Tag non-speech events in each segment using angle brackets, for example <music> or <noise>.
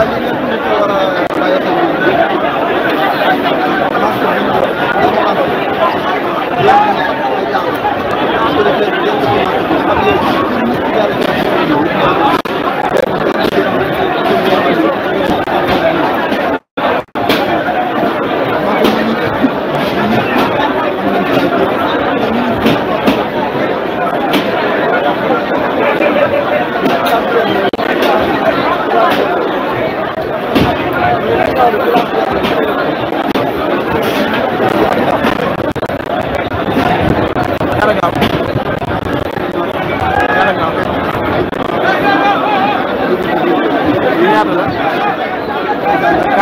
Thank you.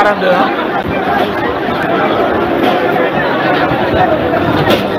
42 ans.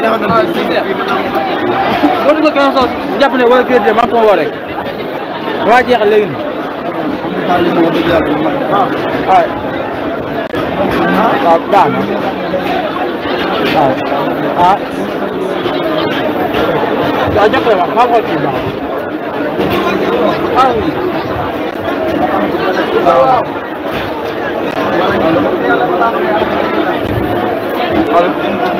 yi dafa mel ni boo duggee quinze soos jàpp ne wala crédit maa ko woo rek waa jeexal léegi nii. ma maa xool kii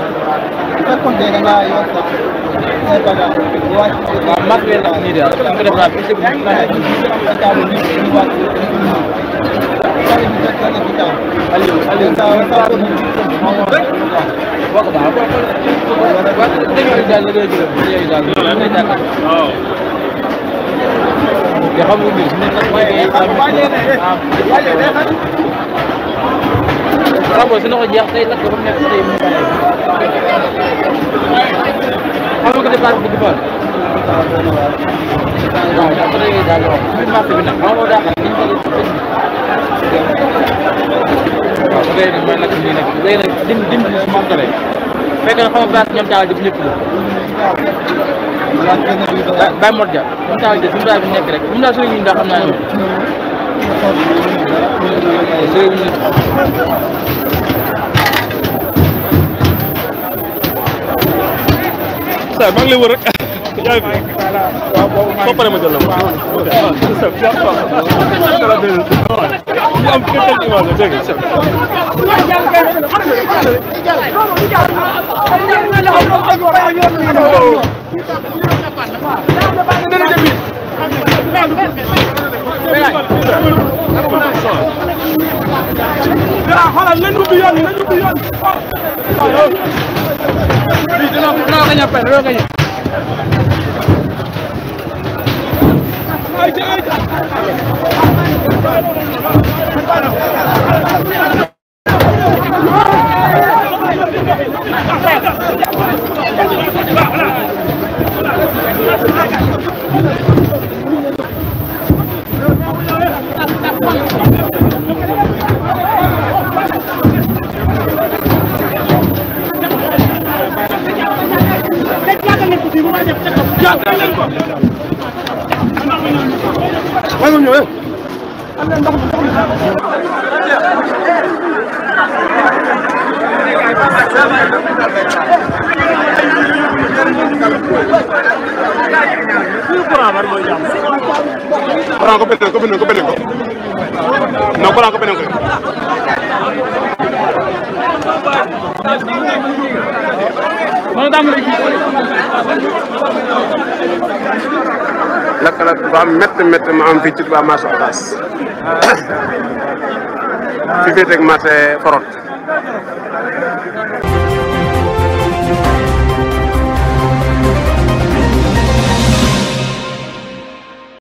waaw mag bi nag nii daal su ko defee daal bés bu ñu naan Aliou Aliou wax ba wax dëgg yàlla daal la doon jëloon yooyu daal loolu lay jàkkaar. te xam nga rabo su loxo jeex tey lakk ba mu nekk tey mu bàyyi xam nga ko départ bu jubal waaw dafa lay daal wax biir marché bi nag maa moo daa xam niñ ko waaw su dee mooy lakk nii nag léegi nag dim dim si moom tole fekk na xam nga ñoom daal di ñëpp la Baye Mor Dia mu taal di suñu daal bi nekk rek mu daal suñu ñu daa xam naa waaw maa ngi lay wër rek yaa ngi fi soo paree ma jël la ma. ok waaw c'est ça. waaw waaw waaw waaw sañ a perte loolu nga ñëw. Kurang ko bener ko bener ko bener ko. Na kurang ko bener ko. Mana tamu lagi? lakk-lakk bu am métti métti mu am fii ci Touba marché Ocass <coughs> fi féeteeg marché Forot